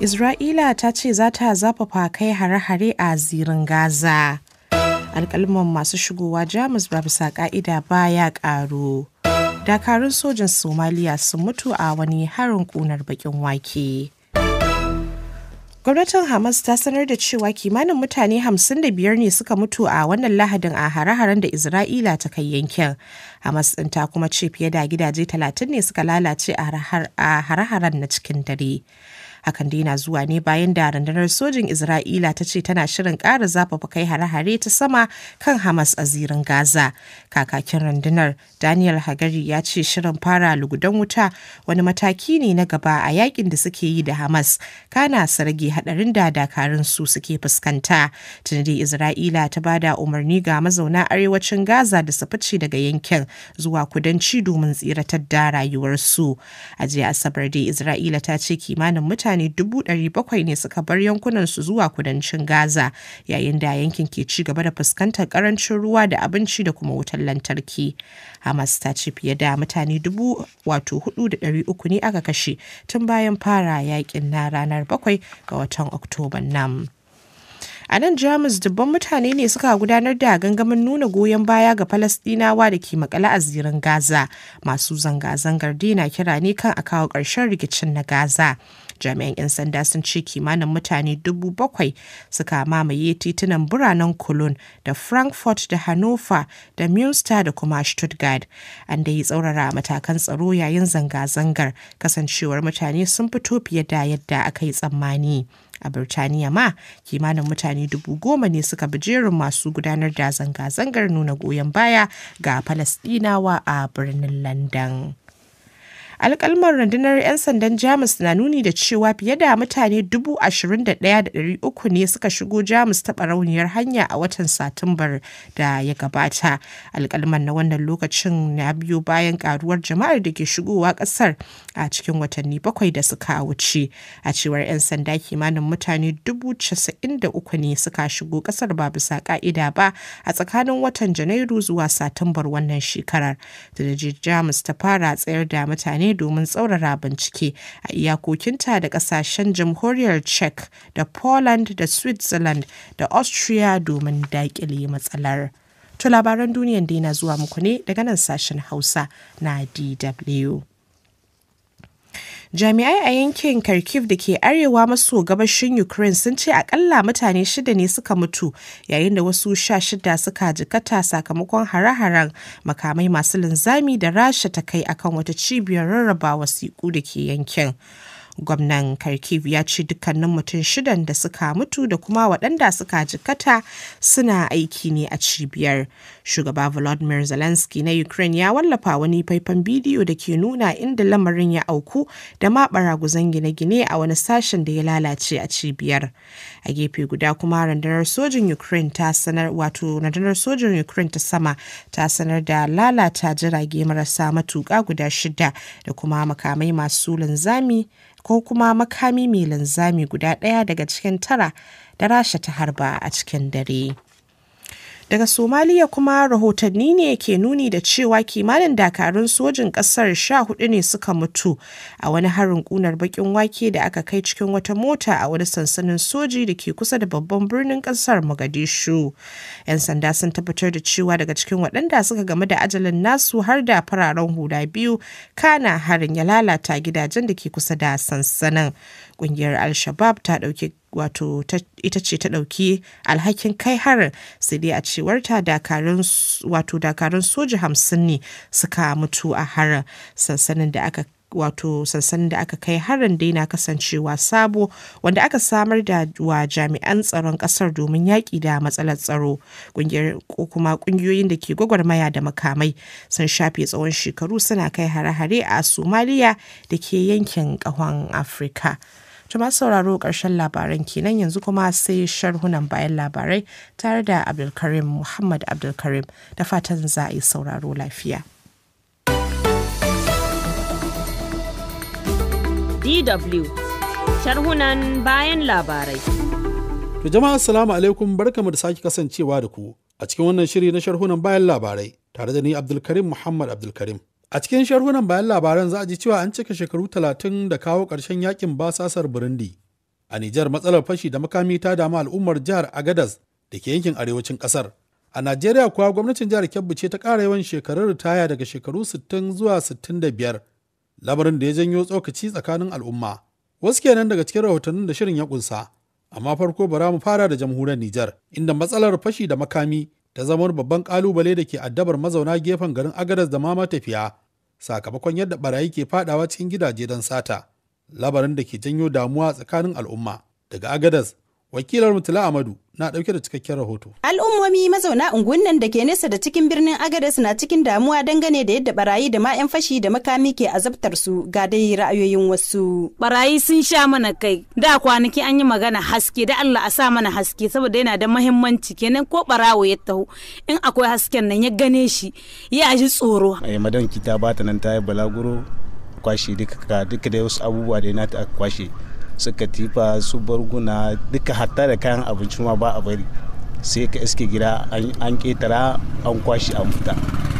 Isra'ila ta ce za ta zafafa kai hare-hare a zirin Gaza. Alƙalman masu shigowa Jamus ba bisa ƙa'ida ba ya ƙaru. Dakarun sojin Somaliya sun mutu a wani harin kunar baƙin wake. Gwamnatin Hamas ta sanar da cewa kimanin mutane 55 ne suka mutu a wannan lahadin a hare-haren da Isra'ila ta kai yankin. Hamas ɗin ta kuma ce fiye da gidaje 30 ne suka lalace a hare-haren na cikin dare. Hakan dai na zuwa ne bayan da rundunar sojin Isra'ila ta ce tana shirin ƙara zafafa kai hare-hare ta sama kan Hamas a zirin Gaza. Kakakin rundunar Daniel Hagari ya ce shirin fara lugudan wuta wani mataki ne na gaba a yakin da suke yi da Hamas. Kana su rage haɗarin da dakarun su suke fuskanta. Tunde Isra'ila ta bada umarni ga mazauna arewacin Gaza da su fice daga yankin zuwa kudanci domin tsiratar da rayuwarsu. A jiya Asabar dai Isra'ila ta ce kimanin mutane mutane 700 ne suka bar yankunan su zuwa kudancin Gaza yayin da yankin ke ci gaba da fuskantar karancin ruwa da abinci da kuma wutar lantarki. Hamas ta ci fiye da mutane 4,300 ne aka kashe tun bayan fara yakin na ranar 7 ga watan Oktoban nan. A nan Jamus dubban mutane ne suka gudanar da gangamin nuna goyon baya ga falasdinawa da ke makala a zirin Gaza. Masu zanga-zangar dina kira ne kan a kawo ƙarshen rikicin na Gaza. jami'an 'yan sanda sun ce kimanin mutane dubu bakwai suka mamaye titunan biranen cologne da frankfurt da hannover da munster da kuma stuttgart an da yi tsaurara matakan tsaro yayin zanga-zangar kasancewar mutane sun fito fiye da yadda aka yi tsammani a birtaniya ma kimanin mutane dubu goma ne suka bi jerin masu gudanar da zanga-zangar nuna goyon baya ga falasdinawa a birnin london alkalmar rundunar 'yan sandan jamus na nuni da cewa fiye da mutane 21,300 ne suka shigo jamus ta barauniyar hanya a watan satumbar da ya gabata alkalmar na wannan lokacin na biyo bayan karuwar jama'ar da ke shigowa ƙasar a cikin watanni bakwai da suka wuce a cewar 'yan sanda kimanin mutane 93 ne suka shigo ƙasar ba bisa ƙa'ida ba a tsakanin watan janairu zuwa satumbar wannan shekarar da jamus ta fara tsayar da mutane ne domin tsaurara bincike a iyakokinta da ƙasashen jamhuriyar Czech da Poland da Switzerland da Austria domin daƙile matsalar. To labaran duniyan dai na zuwa muku ne daga nan sashen Hausa na DW. Jami'ai a yankin Kharkiv da ke arewa maso gabashin Ukraine sun ce akalla mutane shida ne suka mutu yayin da wasu sha shida suka jikata sakamakon hare-haren makamai masu linzami da rasha ta kai akan wata cibiyar rarraba wasiƙu da ke yankin. gwamnan kharkiv ya ce dukkanin mutum shidan da suka mutu da kuma waɗanda suka jikata suna aiki ne a cibiyar shugaba volodymyr zelensky na ukraine ya wallafa wani faifan bidiyo da ke nuna inda lamarin ya auku da ma baraguzan gine-gine a wani sashen da ya lalace a cibiyar a gefe guda kuma rundunar sojin ukraine ta sanar wato rundunar sojin ukraine ta sama ta sanar da lalata jirage marasa matuƙa guda shida da kuma makamai masu linzami ko kuma makami mai linzami guda ɗaya daga cikin tara da rasha ta harba a cikin dare. Daga Somaliya kuma rahotanni ne ke nuni da cewa kimanin dakarun sojin ƙasar sha hudu ne suka mutu a wani harin ƙunar baƙin wake da aka kai cikin wata mota a wani sansanin soji da ke kusa da babban birnin ƙasar Mogadishu. 'Yan sanda sun tabbatar da cewa daga cikin waɗanda suka game da ajalin nasu har da fararen hula biyu kana harin ya lalata gidajen da ke kusa da sansanin. Ƙungiyar Al-Shabab ta ɗauki wato ita ce ta ɗauki alhakin kai harin sai dai a cewar ta dakarun soja hamsin ne suka mutu a harin sansanin da aka wato sansanin da aka kai harin dai na kasancewa sabo wanda aka samar da wa jami'an tsaron kasar domin yaƙi da matsalar tsaro ko kuma ƙungiyoyin da ke gwagwarmaya da makamai sun shafe tsawon shekaru suna kai hare-hare a somaliya da ke yankin ƙahon afirka Tuma sauraro ƙarshen labaran kenan yanzu kuma sai sharhunan bayan labarai tare da Abdulkarim Muhammad Abdulkarim da fatan za a yi sauraro lafiya. DW sharhunan bayan labarai. To jama'a assalamu alaikum barkamu da sake kasancewa da ku a cikin wannan shiri na sharhunan bayan labarai tare da ni Abdulkarim Muhammad Abdulkarim. A cikin sharhunan bayan labaran za a ji cewa an cika shekaru talatin da kawo ƙarshen yakin basasar Burundi. A Nijar matsalar fashi da makami ta damu al'ummar jihar Agadas da ke yankin arewacin ƙasar. A Najeriya kuwa gwamnatin jihar Kebbi ce ta ƙara yawan shekarun ritaya daga shekaru sittin zuwa sittin da biyar, lamarin da ya janyo tsokaci tsakanin al'umma. Wasu kenan daga cikin rahotannin da shirin ya kunsa, amma farko bara mu fara da jamhuriyar Nijar, inda matsalar fashi da makami ta zama babban ƙalubale da ke addabar mazauna gefen garin Agadas da ma matafiya. sakamakon yadda barayi ke fadawa cikin gidaje don sata labarin da ke janyo damuwa tsakanin al'umma daga agadas wakilar mutula amadu na ɗauke da cikakken rahoto. Al'ummomi mazauna unguwannin da ke nesa da cikin birnin Agadez na cikin damuwa dangane da yadda barayi da mayan fashi da makami ke azabtar su ga dai ra'ayoyin wasu. Barayi sun sha mana kai da kwanaki an yi magana haske da Allah a sa mana haske saboda yana da mahimmanci kenan ko barawo ya taho in akwai hasken nan ya gane shi ya ji tsoro. Ai madan kita bata nan ta yi balaguro kwashe duka duka da wasu abubuwa da na ta kwashe. su katifa su barguna duka hatta da kayan abinci ma ba a bari sai ka iske gida an ƙetara an kwashi an fita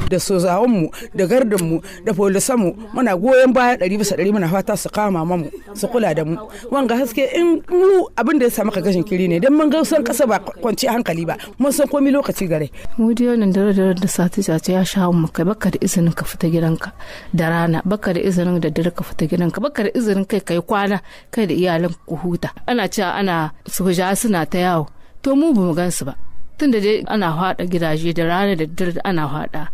da sozawanmu da gardinmu da polisanmu muna goyon baya ɗari bisa ɗari muna fata su kama mamu su kula da mu wanga haske in mu abin da ya samu ka gashin kiri ne don mun ga san kasa ba kwanci hankali ba mun san komi lokaci gare. mu da yau da dare da sati jace ya sha mu kai baka da izinin ka fita gidanka da rana baka da izinin da dare ka fita gidanka baka da izinin kai kai kwana kai da iyalin ku huta ana cewa ana soja suna ta yawo to mu bamu gansu ba tun da dai ana hada gidaje da rana da dare ana hada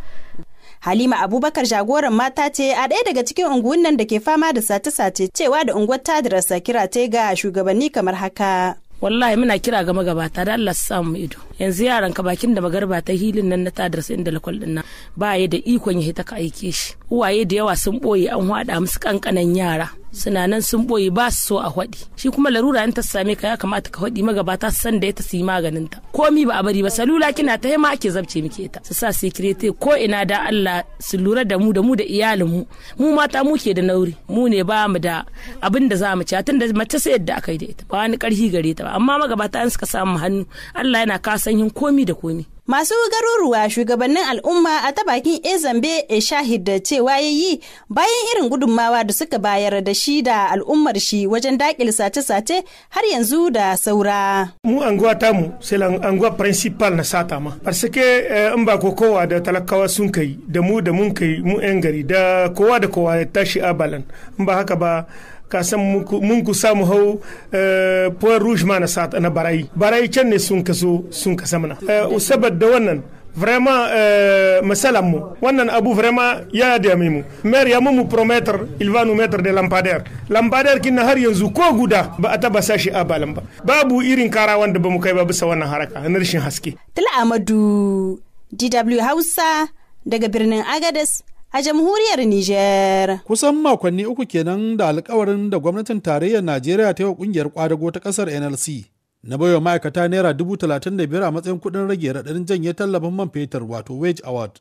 Halima Abubakar jagoran mata ce a ɗaya daga cikin unguwan nan da ke fama da sace-sace cewa da unguwar tadirarsa kira ta ga shugabanni kamar haka. wallahi muna kira ga magabata da Allah sa mu ido yanzu yaran ka bakin da magarba ta hilin nan na tadar sai inda lakwal nan ba ya da ikon ya ta ka aike shi uwaye da yawa sun boye an hada musu kankanan yara suna nan sun boye ba su so a haɗi shi kuma larura in ta same ka ya kamata ka haɗi magabata san da ya ta yi maganin ta komi ba a bari ba salula kina ta ma ake zabce miki ita su sa sikirete ko ina da Allah su lura da mu da mu da iyalin mu mu mata mu ke da nauri mu ne ba mu da abin da za mu ci tun da mace sai yadda aka yi da ita ba wani karhi gare ta ba amma magabata an suka samu hannu Allah yana kasan yin komi da komi Masu garuruwa shugabannin al'umma a ta bakin Ezambe e shahid da cewa ya yi bayan irin gudummawa da suka bayar da shi da al'ummar shi wajen dakil sace-sace har yanzu da saura. Mu ta mu sai anguwa principal na sata ma. Farsake eh, in ba kowa da talakawa sun kai da mu da mun kai mu 'yan gari da kowa da kowa ya tashi abalan. In ba haka ba ka san mun ku mu hau eh, puan rouge ma na barai barai can ne sun kaso sun kasa mana eh, da wannan vraiment euh, mu wannan abu vraiment ya mai mu maire ya mu promettre il va nous mettre des lampadaires lampadaires kin har yanzu ko guda ba a taba sashi a balan ba babu irin kara wanda ba mu kai ba bisa wannan haraka na rashin haske tala amadu dw hausa daga birnin agadas a jamhuriyar Nijar. Kusan makonni uku kenan da alkawarin da gwamnatin tarayyar Najeriya ta yi wa kungiyar kwadago ta kasar NLC. Na baiwa ma'aikata naira dubu talatin da biyar a matsayin kuɗin rage raɗaɗin janye tallafin man fetur wato wage award.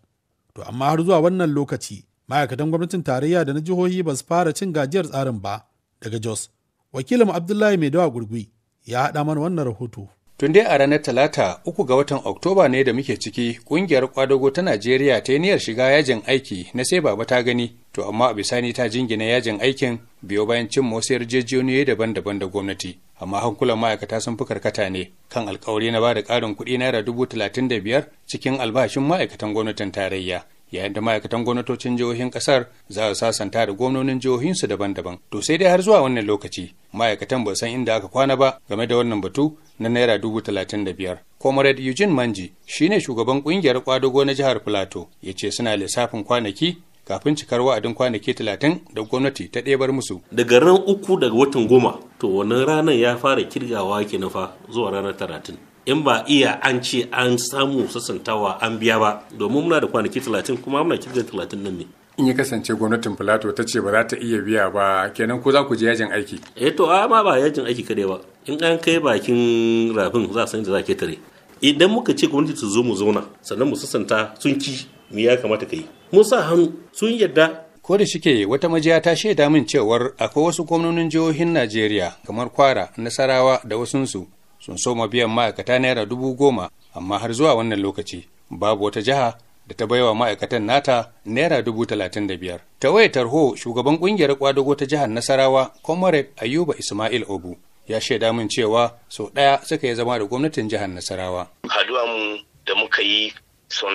To amma har zuwa wannan lokaci ma'aikatan gwamnatin tarayya da na jihohi ba su fara cin gajiyar tsarin ba daga Jos. Wakilin Abdullahi Mai Gurgui ya haɗa mana wannan rahoto. Tun dai a ranar Talata uku ga watan Oktoba ne da muke ciki kungiyar kwadago ta Najeriya ta yi niyyar shiga yajin aiki na sai baba ta gani to amma a bisani ta jingina yajin aikin biyo bayan cin wasu yarjejeniyoyi daban-daban da gwamnati amma hankulan ma'aikata sun fi karkata ne kan alkawari na ba da ƙarin kuɗi naira dubu talatin da biyar cikin albashin ma'aikatan gwamnatin tarayya yayin da ma'aikatan gwamnatocin jihohin kasar za su sasanta da gwamnonin jihohinsu daban-daban to sai dai har zuwa wannan lokaci ma'aikatan ba san inda aka kwana ba game da wannan batu na naira dubu talatin da biyar comrade eugene manji shine shugaban kungiyar kwadugo na jihar plateau ya ce suna lissafin kwanaki kafin cikar wa'adin kwanaki talatin da gwamnati ta ɗebar musu. Daga ran uku daga watan goma, to wannan ranar ya fara kirgawa kenan fa zuwa ranar talatin. in ba iya an ce an samu sasantawa an biya ba domin muna da kwanaki talatin kuma muna kirgin talatin nan ne in ya kasance gwamnatin filato ta ce ba za ta iya biya ba kenan ko za ku je yajin aiki eh to amma ba yajin aiki kadai ba in an kai bakin rafin za san da za ke tare idan muka ce gwamnati su zo mu zauna sannan mu sassanta sun ki mu ya kamata ka yi mun sa hannu sun yadda ko da shike wata majiya ta shaida min cewar akwai wasu gwamnonin jihohin Najeriya kamar Kwara, Nasarawa da wasunsu sun soma biyan ma'aikata naira dubu goma amma har zuwa wannan lokaci babu wata jiha da ta baiwa ma'aikatan nata naira dubu talatin da biyar. Ta tarho shugaban kungiyar kwadago ta jihar Nasarawa Comrade Ayuba Ismail Obu ya shaida min cewa sau ɗaya suka yi zama da gwamnatin jihar Nasarawa. Haduwa mu da muka yi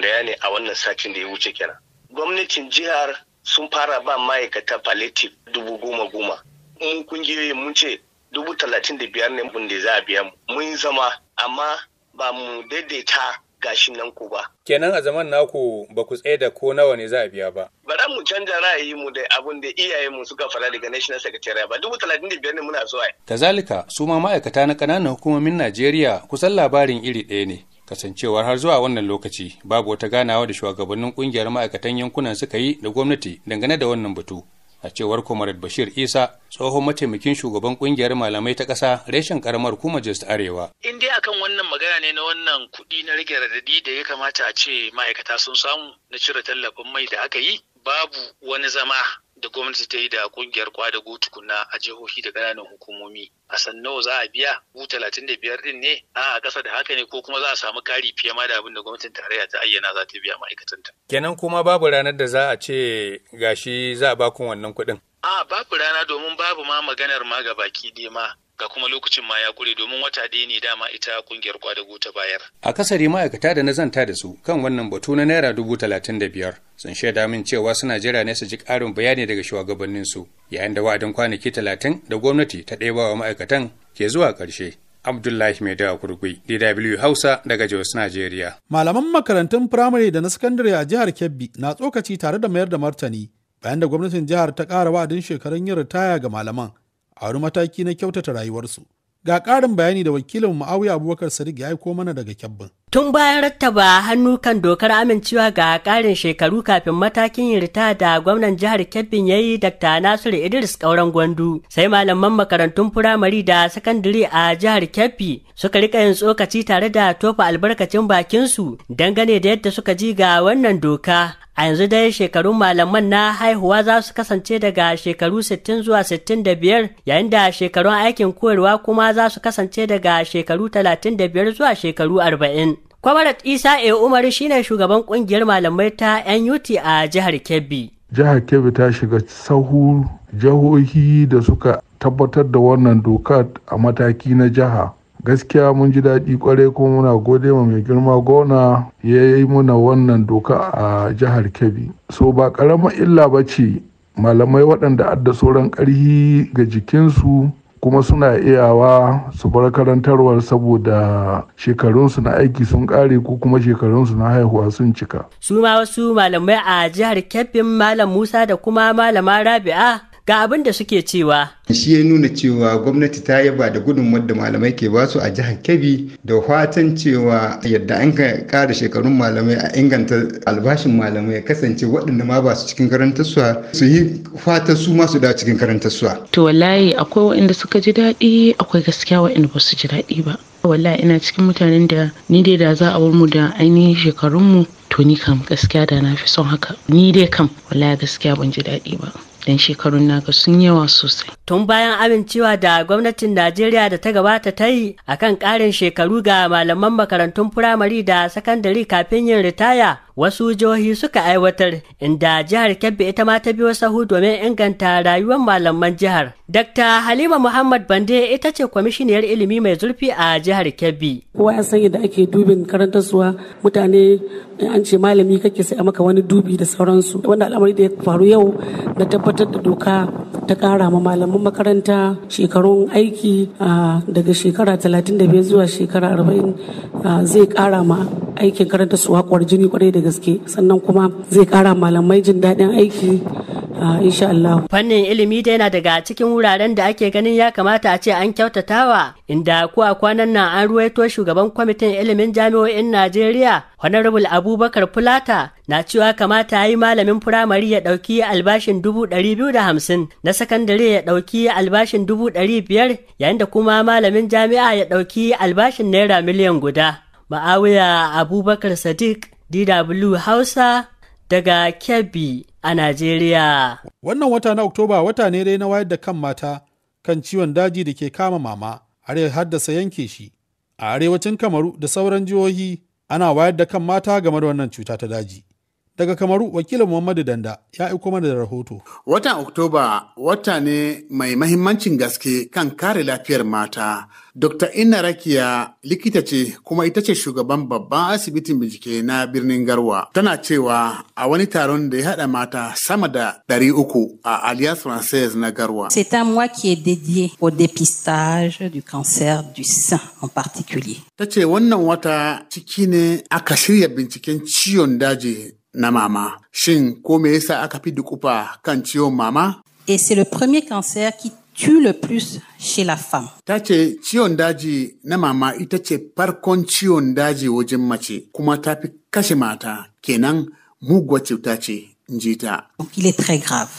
da ne a wannan satin da ya wuce kenan. Gwamnatin jihar sun fara ba ma'aikata palliative dubu goma goma. Mun kungiyoyin mun ce dubu talatin da biyar ne mun da za a biya mu mun zama amma ba mu daidaita gashi nan ku ba. Kenan a zaman naku ba ku tsaye da ko nawa ne za a biya ba. Ba za mu canza ra'ayi mu da abin da iyaye mu suka fara daga National Secretary ba dubu talatin da biyar ne muna zuwa. Kazalika su ma ma'aikata na ƙananan hukumomin Najeriya kusan labarin iri ɗaya ne. kasancewar har zuwa wannan lokaci babu wata ganawa da shugabannin kungiyar ma'aikatan yankunan suka yi da gwamnati dangane da wannan batu a cewar comrade bashir isa tsohon mataimakin shugaban kungiyar malamai ta ƙasa reshen karamar kuma just arewa in dai akan wannan magana ne na wannan kuɗi na rage radadi da ya kamata a ce ma'aikata sun samu na cire tallafin mai da aka yi babu wani zama da gwamnati ta yi da kungiyar kwada go tukuna a jihohi da ƙananan hukumomi a san nawa za a biya bu talatin da biyar din ne a ƙasa da haka ne ko kuma za a samu ƙari fiye ma da abin da gwamnatin tarayya ta ayyana za ta biya ma'aikatan ta? kenan kuma babu ranar da za a ce gashi za a bakun wannan kuɗin. a babu rana domin babu ma maganar ma ga baki ɗaya ma ga kuma lokacin ma ya kure domin wata ɗaya ne dama ita kungiyar kwadago ta bayar. A Akasari ma'aikata da na zanta da su kan wannan batu na naira dubu talatin da biyar sun shaida min cewa suna jira ne su ji ƙarin bayani daga shugabanninsu yayin da wa'adin kwanaki talatin da gwamnati ta ɗeba wa ma'aikatan ke zuwa ƙarshe. Abdullahi Mai Dawa Kurgui, DW Hausa daga Jos, Najeriya. Malaman makarantun firamare da na sakandare a jihar Kebbi na tsokaci tare da mayar da martani bayan da gwamnatin jihar ta ƙara wa'adin shekarun yin ritaya ga malaman a wani mataki na kyautata rayuwarsu. Ga ƙarin bayani da wakilin Muawiya Abubakar Sadiq ya aiko mana daga Kebbin. tun bayan rattaba hannu kan dokar amincewa ga ƙarin shekaru kafin matakin yin da gwamnan jihar kebbin ya yi dr nasiru idris ƙauren gwandu sai malaman makarantun firamare da sakandare a jihar kebbi suka rika yin tsokaci tare da tofa albarkacin bakinsu dangane da yadda suka ji ga wannan doka a yanzu dai shekarun malaman na haihuwa za su kasance daga shekaru 60 zuwa 65 yayin da shekarun aikin koyarwa kuma za su kasance daga shekaru 35 zuwa shekaru 40 Kwamarat Isa A. E. Umar shine shugaban kungiyar malamai ta NUT a jihar Kebbi. Jihar Kebbi ta shiga sahu jihohi da suka tabbatar da wannan doka a mataki na jiha. Gaskiya mun ji daɗi kwarai kuma muna gode ma mai girma gona ya yi muna wannan doka a jihar Kebbi. So ba ƙaramar illa ba ce malamai waɗanda adda sauran ƙarhi ga jikinsu kuma suna iyawa su bar karantarwar saboda shekarunsu na aiki sun ƙare ko kuma shekarunsu na haihuwa sun cika. Su ma wasu malamai a jihar Kebbi Malam Musa da kuma Malama Rabi'a ga abin da suke cewa. Shi ya nuna cewa gwamnati ta yaba da gudunmawar da malamai ke basu a jihar Kebbi da fatan cewa yadda an kara shekarun malamai a inganta albashin malamai kasance waɗanda ma ba su cikin karantarsuwa su yi fatan su ma su da cikin karantarsuwa. To wallahi akwai waɗanda suka ji daɗi akwai gaskiya waɗanda ba su ji daɗi ba. Wallahi ina cikin mutanen da ni dai da za a mu da ainihin shekarunmu to ni kam gaskiya da na fi son haka ni dai kam wallahi gaskiya ban ji daɗi ba. don shekarun naka sun yawa sosai. Tun bayan amincewa da gwamnatin Najeriya da ta gabata ta yi a kan ƙarin shekaru ga malaman makarantun firamare da sakandare kafin yin ritaya, wasu jihohi suka aiwatar inda jihar kebbi ita ma ta biyo sahu domin inganta rayuwar malaman jihar dr halima muhammad bande ita ce kwamishiniyar ilimi mai zurfi a jihar kebbi kowa ya san yadda ake dubin karantarsuwa mutane an ce malami kake sai a maka wani dubi da sauransu wanda al'amari da ya faru yau na tabbatar da doka ta kara ma malaman makaranta shekarun aiki daga shekara 35 zuwa shekara 40 zai kara ma aikin karantarsuwa kwar jini kwarai da gaske sannan kuma zai kara malamai jin daɗin aiki insha Allah. Fannin ilimi da yana daga cikin wuraren da ake ganin ya kamata a ce an kyautatawa inda ko a kwanan nan an ruwaito shugaban kwamitin ilimin jami'o'in Najeriya Honorable Abubakar Fulata na cewa kamata yi malamin firamare ya ɗauki albashin dubu ɗari biyu da hamsin na sakandare ya ɗauki albashin dubu ɗari biyar yayin da kuma malamin jami'a ya ɗauki albashin naira miliyan guda. Ma'awiya Abubakar Sadiq DW Hausa daga Kebbi a Najeriya. Wannan wata na Oktoba wata ne dai na wayar da kan mata kan ciwon daji da ke kama mama har ya haddasa yanke shi. A arewacin Kamaru da sauran jihohi ana wayar da kan mata game da wannan cuta ta daji. Daga Kamaru, wakilin Muhammadu Danda ya aiko mana da rahoto. Watan Oktoba wata ne mai mahimmancin gaske kan kare lafiyar mata. Dr. Inna Rakiya likita ce kuma ita ce shugaban babban asibitin bincike na birnin Garwa. Tana cewa a wani taron da ya haɗa mata sama da ɗari uku a alias francaise na Garwa. C'est un mois qui est dédié au dépistage du cancer du sein en particulier. Ta ce wannan wata ciki ne aka shirya binciken ciwon daji na mama. Shin, ko me yasa aka fi dukufa kan ciwon mama? Et c'est le premier cancer qui tue le plus chez la femme. Ta ce ciwon daji na mama ita ce farkon ciwon daji wajen mace kuma ta fi kashe mata kenan muguwa cuta ce in ji Donc il est très grave.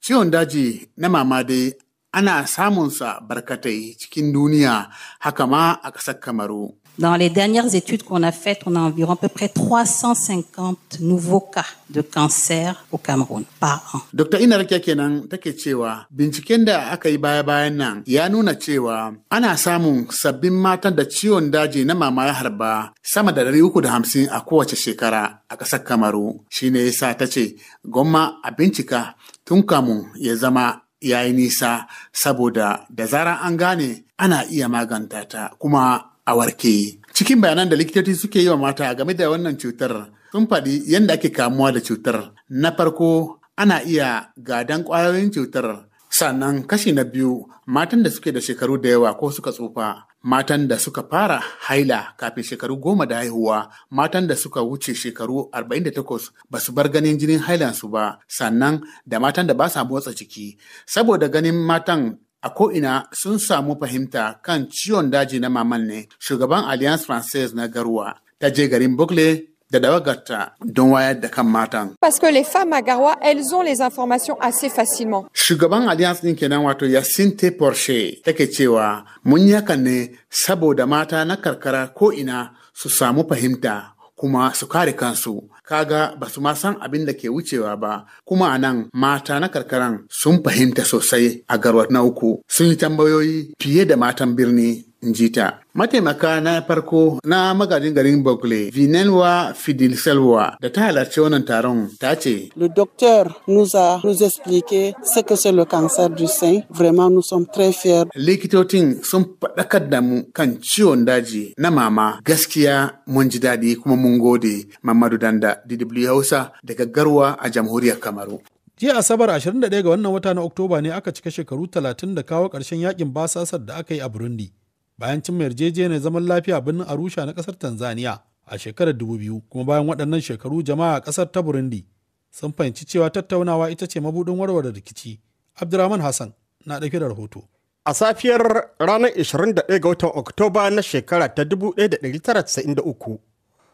Ciwon daji na mama dai ana samunsa barkatai cikin duniya haka ma a ƙasar Kamaru. Dans les dernières études qu'on a faites, on a environ à peu près 350 nouveaux cas de cancer au Cameroun par an. Dr. Inarke kenan take cewa binciken da aka yi baya-bayan nan ya nuna cewa ana samun sabbin matan da ciwon daji na mama harba sama da 350 a kowace shekara a ƙasar Kamaru. Shine yasa tace goma a bincika tun kamun ya zama ya yi nisa saboda da zara an gane ana iya maganta ta kuma a warke. Cikin bayanan da likitoci suke yi wa mata game da wannan cutar sun faɗi yadda ake kamuwa da cutar. Na farko ana iya gadan ƙwayoyin cutar. Sannan kashi na biyu matan da suke da shekaru da yawa ko suka tsufa, matan da suka fara haila kafin shekaru goma da haihuwa, matan da suka wuce shekaru arba'in 48 ba su bar ganin jinin hailansu ba, sannan da matan da ba sa motsa jiki. Saboda ganin matan a ko'ina sun samu fahimta kan ciwon daji na maman ne shugaban alliance française na garuwa ta je garin bukle da dawagarta don wayar da kan matan. Parce que les femmes à Garoua, elles ont les informations assez facilement. Shugaban Alliance ɗin kenan wato Yacinthe Porsche take cewa mun yaka ne saboda mata na karkara ko ina su samu fahimta kuma su kare kansu kaga ba su ma san abin da ke wucewa ba kuma a nan mata na karkaran sun fahimta sosai a garwa na uku sun yi tambayoyi fiye da matan birni Njita. Mataimaka na farko na magajin garin Bogle, Vinelwa Fidilselwa, da ta halarci wannan taron ta ce, Le docteur nous a nous expliqué ce que c'est le cancer du sein. Vraiment, nous sommes très fiers. Likitocin sun faɗakar da mu kan ciwon daji na mama. Gaskiya mun ji daɗi kuma mun gode, Mamadu Danda. DW Hausa daga Garwa a jamhuriyar Kamaru. Jiya Asabar 21 ga wannan wata na Oktoba ne aka cika shekaru 30 da kawo ƙarshen yakin basasar da aka yi a Burundi. Bayan cin yarjejeniyar zaman lafiya birnin Arusha na ƙasar Tanzania a shekarar 2000 kuma bayan waɗannan shekaru jama'a a ƙasar ta Burundi sun fahimci cewa tattaunawa ita ce mabuɗin warware rikici. Abdurrahman Hassan na ɗauke da rahoto. A safiyar ranar 21 ga watan Oktoba na shekara ta 1993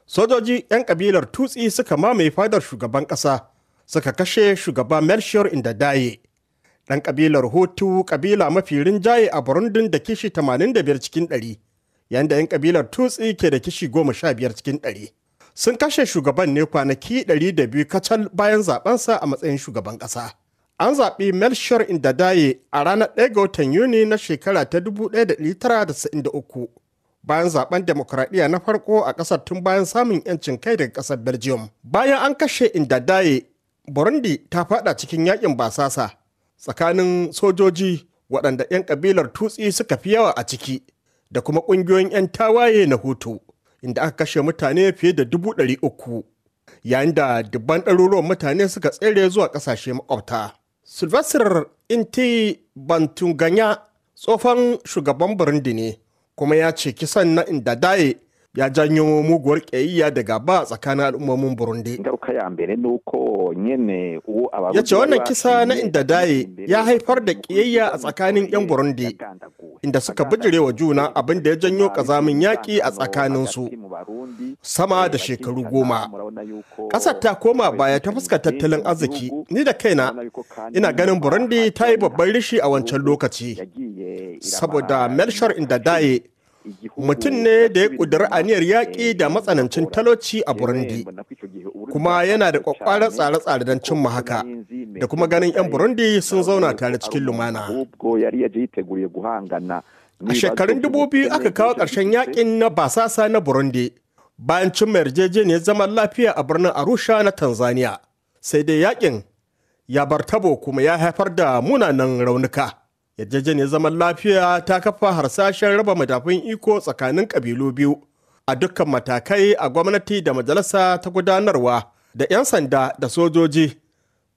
sojoji 'yan kabilar tutsi suka mamaye fadar shugaban ƙasa suka kashe shugaba melchior indadaye ɗan kabilar hutu kabila mafi rinjaye a burundin da kishi 85 cikin 100 yanda 'yan kabilar tutsi ke da kishi 15 cikin 100 sun kashe shugaban ne kwanaki 200 kacal bayan zabensa a matsayin shugaban ƙasa an zaɓi melchior indadaye a ranar 1 ga watan yuni na shekara ta 1993 bayan zaben demokradiyya na farko a ƙasar tun bayan samun 'yancin kai daga ƙasar belgium bayan an kashe indadaye burundi ta fada cikin yakin basasa tsakanin sojoji waɗanda 'yan ƙabilar tutsi suka fi yawa a ciki da kuma ƙungiyoyin 'yan tawaye na hutu inda aka kashe mutane fiye da dubu ɗari uku yayin da dubban ɗaruruwan mutane suka tsere zuwa ƙasashe makwabta sylvester inti bantunganya tsohon shugaban burundi ne kuma ya ce kisan na inda daye ya janyo muguwar ƙiyayya da gaba tsakanin al'ummomin burundi ya ce wannan kisa na inda daye ya haifar da ƙiyayya a tsakanin 'yan burundi inda suka bijire wa juna abin da ya janyo ƙazamin yaƙi a tsakaninsu sama da shekaru goma ƙasar ta koma baya ta fuska tattalin arziki ni da kaina ina ganin burundi ta yi babban rishi a wancan lokaci saboda melchior inda daye mutum ne da ya ƙudiri aniyar yaƙi da matsanancin talauci a burundi kuma yana da ƙwaƙwarar tsare-tsare don cimma haka da kuma ganin 'yan burundi sun zauna tare cikin lumana a shekarun dubu biyu aka kawo ƙarshen yaƙin na basasa na burundi bayan cimma yarjejeniyar zaman lafiya a birnin arusha na tanzania sai dai yaƙin ya bar tabo kuma ya haifar da munanan raunuka yarjejeniyar zaman lafiya ta kafa harsashen raba matafin iko tsakanin kabilu biyu a dukkan matakai a gwamnati da majalisa ta gudanarwa da 'yan sanda da sojoji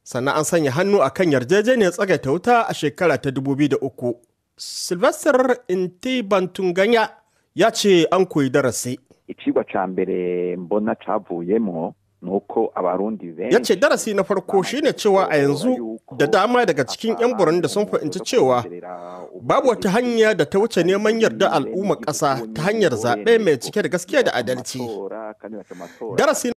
sannan an sanya hannu a kan yarjejeniyar tsagaita wuta a shekara ta 2003 sylvester intibantunganya ya ce an koyi darasi ikigo mbere ya yace darasi na farko shine cewa a yanzu da dama daga cikin 'yan burundi sun fahimci cewa babu wata hanya da ta wuce neman yarda al'umma ƙasa ta hanyar zaɓe mai cike da gaskiya da adalci darasi